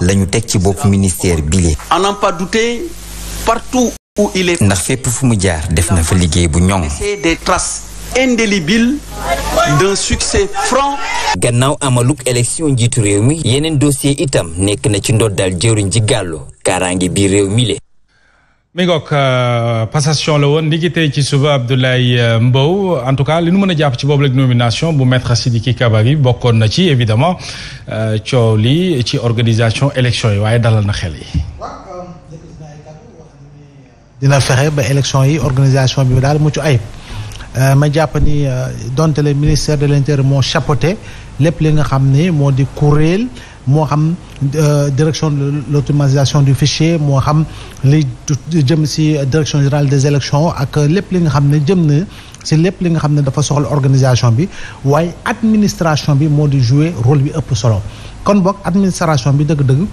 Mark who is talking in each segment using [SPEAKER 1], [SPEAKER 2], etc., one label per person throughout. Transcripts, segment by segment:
[SPEAKER 1] lañu teg ci bopp ministère bile.
[SPEAKER 2] à n'en pas douter partout
[SPEAKER 1] ndax fépp fu mu jaar def fa liggéey bu ñoŋ. des traces indélébiles d'un succès franc. gannaaw amaluk élection njiitu réew mi yeneen dossier itam nekk na ci daal jëwriñ ji gàllo kaaraange biir réew mi mi ngoog euh, passation la woon ndiki tey ci suba Abdoulaye euh, Mbow en tout cas li nu mën a jàpp ci boobu rek nomination bu maître Sidiki Kabari bokkoon na ci évidemment euh, coow li ci organisation élection
[SPEAKER 3] yi waaye dalal na xel yi. dina fexe ba élection yi organisation bi daal mucc ayib ma jàpp ni donte le ministère de l'intérieur moo chapeauté lépp li nga xam ni moo di kuréel. moo xam euh, direction de l'automatisation du fichier moo xam li jëm si direction générale des élections ak lépp li nga xam ne jëm na si lépp li nga xam ne dafa soxla organisation bi waaye administration bi moo di jouer rôle bi ëpp solo kon boog administration bi dëgg-dëgg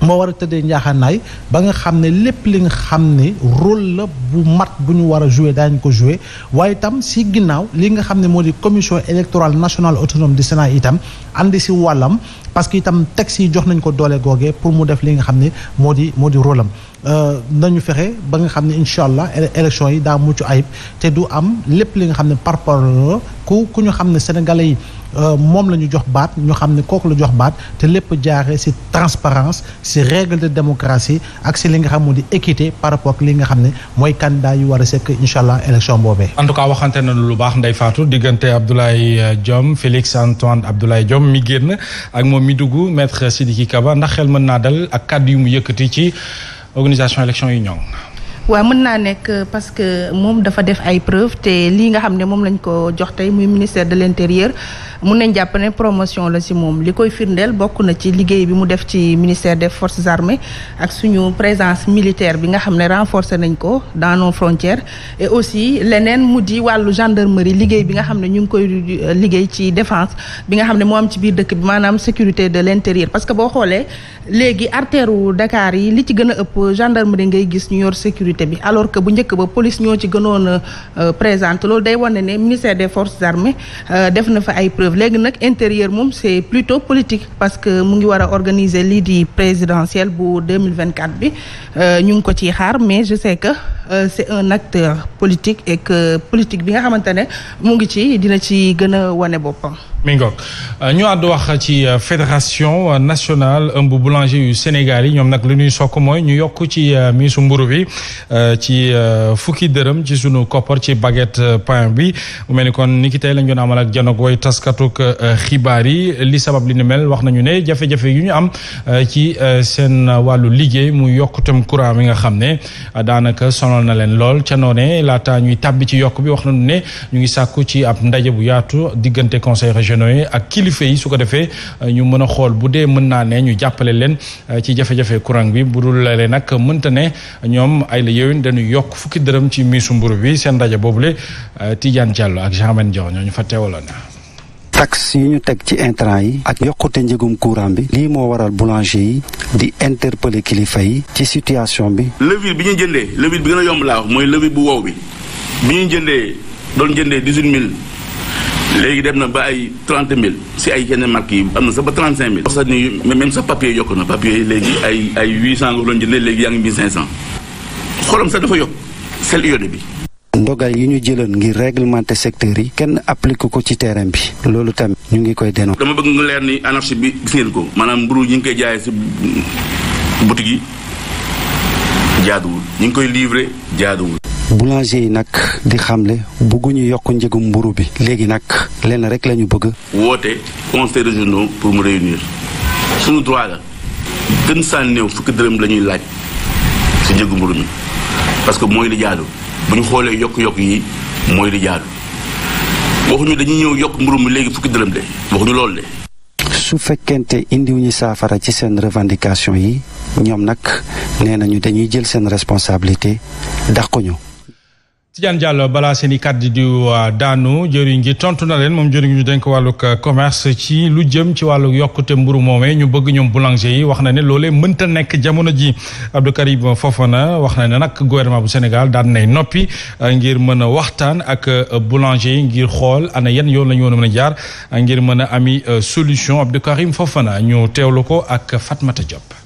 [SPEAKER 3] moo war a tëddee njaaxaanaay ba nga xam ne lépp li nga xam ne rôle la bu mat bu ñu war a jouer daañu ko joue waaye itam si ginnaaw li nga xam ne moo di commission électorale national autonome di Sénat itam andi si wàllam parce que itam texte yi jox nañ ko doole googee pour mu def li nga xam ne moo di moo di rôle am euh, nañu fexe ba nga xam ne incha allah élection yi daa mucc ayib te du am lépp li nga xam ne par rapport ku ku ñu xam ne sénégalais yi euh, moom la ñu jox baat ñu xam ne kooku la jox baat te lépp jaaree ci transparence ci règle de démocratie ak ci li nga xam mu di équité par rapport ak li nga xam ne mooy candidat yu war a sekk incha allah élection boobee.
[SPEAKER 1] en tout cas waxante na lu baax Ndeye Fatou diggante Abdoulaye euh, Diome Félix Antoine Abdoulaye Diome mi génn ak moom mi dugg maître Sidiki ba ndax xel mën naa dal ak kàddu yu mu yëkkati ci organisation élection yi ñoŋ.
[SPEAKER 4] waaw mën naa nekk euh, parce que moom dafa def ay preuve te lii nga xam ne moom lañ ko jox tey muy ministère de l'intérieur mu nañ jàpp ne promotion la ci moom li koy firndeel bokk na ci liggéey bi mu def ci ministère des forces armées ak suñu présence militaire bi nga xam ne renforcer nañ ko daano nos et aussi leneen mu di wàllu gendarmerie liggéey bi nga xam ne ñu ngi koy euh, liggéey ci défence bi nga xam ne moo am ci biir dëkk bi maanaam sécurité de l'intérieur parce que boo xoolee léegi artère u Dakar yi li ci gën a ëpp gendarmerie ngay gis ñu yor sécurité sécurité bi alors que bu njëkk ba police ñoo ci gënoon a euh, présente loolu day wane ne ministère des forces armées euh, def na fa ay preuves léegi nag intérieur moom c'est plutôt politique parce que mu ngi war a organiser lii di présidentielle bu 2024 bi euh, ñu ngi ko ciy xaar mais je sais que Euh, c'est un acteur politique et politique bi nga xamante ne mu ngi ci dina ci gën a wane boppam.
[SPEAKER 1] mi ngoog euh, ñu àddu wax ci euh, fédération nationale ëmb boulanger yu Sénégal yi ñoom nag li ñuy sokk mooy ñu yokk ci miisu mburu bi ci fukki dërëm ci sunu koppar ci baguette pain bi mu mel ni kon ni ki tey lañ doon amal ak janoog way taskatuk xibaar yi li sabab li ni mel wax nañu ne jafe-jafe yu ñu am ci seen wàllu liggéey mu yokk itam bi nga xam ne daanaka sonal sonal na leen lool ca noonee laata ñuy tàbbi ci yokk bi wax nañu ne ñu ngi sàkku ci ab ndaje bu yaatu diggante conseil régionaux yi ak kilifa yi su ko defee ñu mën a xool bu dee mën naa ne ñu jàppale leen eh, ci jafe-jafe courant bi bu dul lale nag mënta ne ñoom ay la yowin dañuy yokk fukki dërëm ci miisu mburu bi seen ndaje boobule eh, Tidiane Diallo ak Jean Mendior ñoo ñu fa teewaloon.
[SPEAKER 3] taxe yi ñu teg ci intrant yi ak yokkute njëgum courant bi lii moo waral boulanger yi di interpeller kilifa yi ci situation bi.
[SPEAKER 2] levure bi ñu jëndee levure bi gën a yomb laa wax mooy levure bu wow bi bi ñu jëndee doon jëndee dix huit mille léegi dem na ba ay trente mille si ay yenn marques yi am na sax ba trente cinq mille. sax ni même sax papier yokk na papier léegi ay ay huit cent nga doon jëndee léegi yaa ngi mille cinq cent xolam dafa yokk sel iode bi.
[SPEAKER 3] ndogal yi ñu jëloon ngir réglementer secteur yi kenn applique ko ci terrain bi loolu tamit ñu ngi koy dénoo.
[SPEAKER 2] dama bëgg nga leer ni anarchie bi gis ko maanaam mburu ñu ngi koy jaayee si boutique yi jaaduwul ñu ngi koy livrer jaaduwul.
[SPEAKER 3] boulanger yi nag di xamle bëgguñu yokk njëgum mburu bi léegi nag lenn rek lañu bëgg.
[SPEAKER 2] woote conseil régional pour mu réunir suñu droit la gën saa néew fukki dërëm la ñuy laaj si njëgu mburu mi parce que mooy li jaadu. bu ñu xoolee yokk-yokk yi mooy li jaadu waxuñu dañuy ñëw yokk mburu mi léegi fukki dërëm de waxuñu loolu de.
[SPEAKER 3] su fekkente indiwuñu saafara ci seen revendication yi ñoom nag nee nañu dañuy jël seen responsabilité dàquñu.
[SPEAKER 1] Tidiane Diallo balaa seen i kàddu di daanu jëriñ gi tontu na leen moom jëriñ ñu denk wàllug euh, commerce ci lu jëm ci wàllu yokkute mburu moomee ñu bëgg ñoom boulanger yi wax na ne loolee mënta nekk jamono ji Abdou Karim Fofana wax na ne nag gouvernement bu Sénégal daan nay noppi euh, ngir mën a waxtaan ak euh, boulanger yi ngir xool ana yan yoon la ñu woon a jaar ngir mën a ami solution Abdou Karim Fofana ñu teewlu ko ak Fatmata Diop.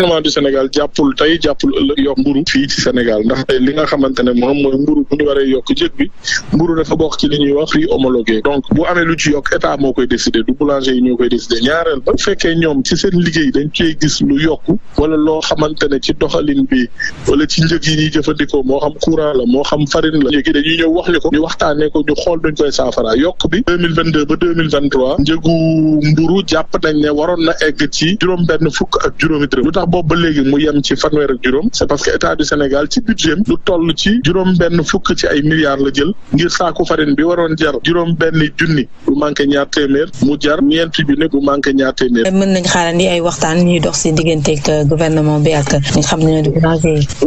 [SPEAKER 5] gouvernement du Sénégal jàppul tey jàppul ëllëg yokk mburu fii ci Sénégal ndax tey li nga xamante ne moom mooy mburu bu ñu waree yokk njëg bi mburu dafa bokk ci li ñuy wax prix homologué donc bu amee lu ci yokk état moo koy décider du boulanger yi ñoo koy décider ñaareel ba fekkee ñoom ci seen liggéey dañ cee gis lu yokk wala loo xamante ne ci doxalin bi wala ci njëg yi ñuy jëfandikoo moo xam courant la moo xam farine la léegi dañuy ñëw wax ñu ko ñu waxtaanee ko ñu xool duñ koy saafara yokk bi ba deux mille vingt trois njëgu mburu jàpp nañ ne waroon na egg ci juróom benn fukk ak juróomi boobu ba léegi mu yem ci fanweer ak juróom c'est parce que état du Sénégal ci budget lu toll ci juróom benn fukk ci ay milliards la jël ngir saaku farine bi waroon jar juróom benn junni bu manqué ñaar téeméer mu jar ñeenti junni bu manqué ñaar téeméer. mën
[SPEAKER 4] nañ xaarandi ay waxtaan ñuy dox si digganteeg euh, gouvernement bi ak nga xam ne di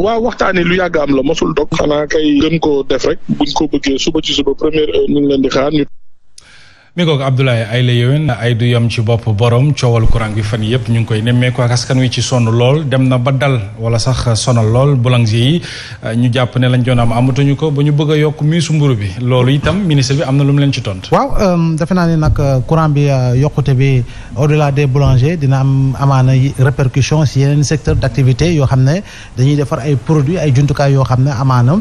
[SPEAKER 5] waaw waxtaan yi lu yàgg am la mosul dog xanaa kay gën koo def rek buñ ko bëggee suba ci suba première heure ñu ngi leen di xaar ñu.
[SPEAKER 1] mi ko Abdoulaye ay la yowin ay du yam ci bopp borom coowal courant bi fan yëpp ñu ngi koy nemmeeku ak askan wi ci sonn lool dem na ba dal wala sax sonal lool boulanger yi ñu jàpp ne lañ doon am amatuñu ko ba ñu bëgg a yokk miisu mburu bi loolu itam ministre bi am na lu mu leen ci tontu.
[SPEAKER 3] waaw euh, naa ne nag euh, courant bi euh, yokkute bi au delà des boulangers dina am amaana répercussion si yeneen secteur d' activité yoo xam ne dañuy defar ay produit ay jumtukaay yoo xam ne amaana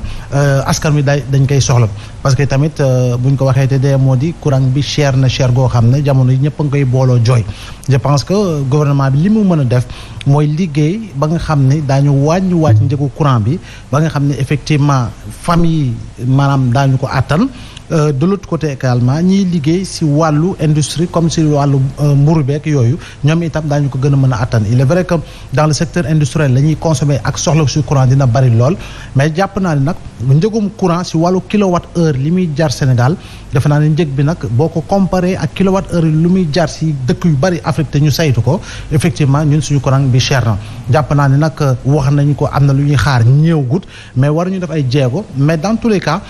[SPEAKER 3] askan wi dañ koy soxla parce que tamit buñ ko waxee te dee moo courant bi. cher na cher goo xam ne jamono yi ñëpp a koy booloo jooy je pense que gouvernement bi li mu mën a def mooy liggéey ba nga xam ne daañu wàññi wàcc njëgu courant bi ba nga xam ne effectivement famille maanaam daañu ko àttan Euh, de l'autre côté également ñiy liggéey si wàllu industrie comme si wàllu euh, mburu beek yooyu ñoom itam daañu ko gën a mën a attan il est vrai que dans le secteur industriel la ñuy consommer ak soxla su courant dina bari lool mais jàpp naa ne nag njëgum courant si wàllu kilowatt heure li muy jar Sénégal defe naa ne njëg bi nag boo ko comparé ak kilowatt heure lu muy jar si dëkk yu bari Afrique te ñu saytu ko effectivement ñun suñu courant bi cher na jàpp naa ne nag euh, wax nañu ko am na lu ñuy xaar ñëw mais war ñu def ay jéego mais dans tous les cas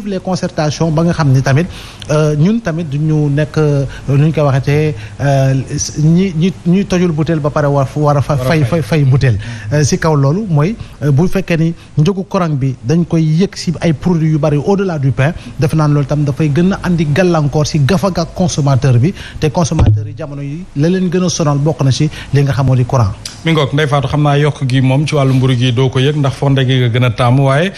[SPEAKER 3] suivre les concertations ba nga xam ni tamit euh, ñun tamit duñu nekk euh, nu ñu koy waxatee euh, ñi ñi ñuy tojul butéel ba pare war war a fay fay fay butéel si kaw loolu mooy bu fekkee ni njëgu courant bi dañ koy yëg si ay produits yu bari au la du pain def naan loolu tam dafay gën a andi gàllankoor si gafaga consommateur bi te consommateur yi jamono yi la leen gën a sonal bokk na si li nga xamoo di courant
[SPEAKER 1] mi ngoog Ndeye Fatou xam naa yokk gi moom ci wàllu mburu gi doo ko yëg ndax fonde gën a taamu waaye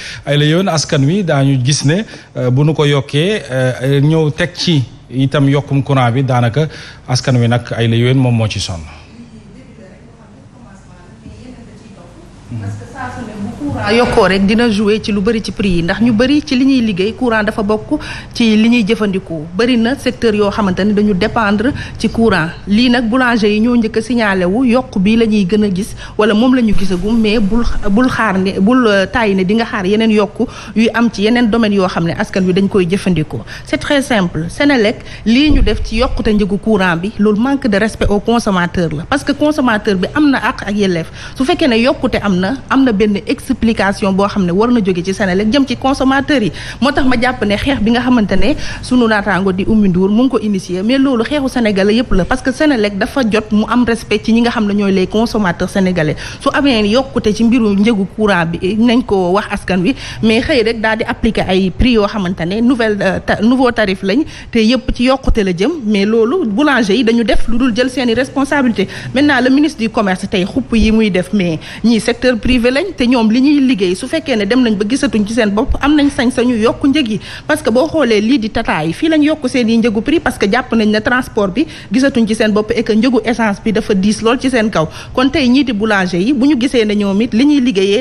[SPEAKER 1] ne euh, bu nu ko yokkee euh, ñëw teg ci itam yokkum courant bi daanaka askan wi nag ay la moom moo ci sonn
[SPEAKER 4] courant yokkoo rek dina jouer ci lu bëri ci prix yi ndax ñu bëri ci li ñuy liggéey courant dafa bokk ci li ñuy jëfandikoo bëri na secteur yoo xamante ne dañu dépendre ci courant lii nag boulanger yi ñoo njëkk a wu yokk bi lañuy ñuy gën a gis wala moom la ñu gisagum mais bul bul xaar ne bul euh, tàyyi di nga xaar yeneen yokk yuy am ci yeneen domaines yoo xam ne askan wi dañ koy jëfandikoo c'est très simple Senelec lii ñu def ci yokkute njëgu courant bi loolu manque de respect au consommateur la parce que consommateur bi am na àq ak yelleef su ne yokkute am na am na benn explication boo xam ne war na jóge ci Senelec jëm ci consommateurs yi moo tax ma jàpp ne xeex bi nga xamante ne sunu naataango di Oumy Ndour mu ko initié mais loolu xeexu sénégalais yëpp la parce que Senelec dafa jot mu am respect ci ñi nga xam ne ñooy les consommateurs sénégalais su amee yokkute ci mbiru njëgu courant bi nañ ko wax askan wi mais xëy rek daal di ay prix yoo xamante nouvelle euh, nouveau tarif lañ te yëpp ci yokkute la jëm mais loolu lu du commerce tey xupp yi muy def mais ñii liggéey su fekkee ne dem nañ ba gisatuñ ci seen bopp am nañ sañ-sañu yokk njëg yi parce boo xoolee lii di tata yi fii lañ yokk seen yi njëgu prix parce que jàpp nañ ne transport bi gisatuñ ci seen bopp et que njëgu essence bi dafa diis lool ci seen kaw kon tey ñii di boulanger yi bu ñu gisee ne ñoom it li ñuy liggéeyee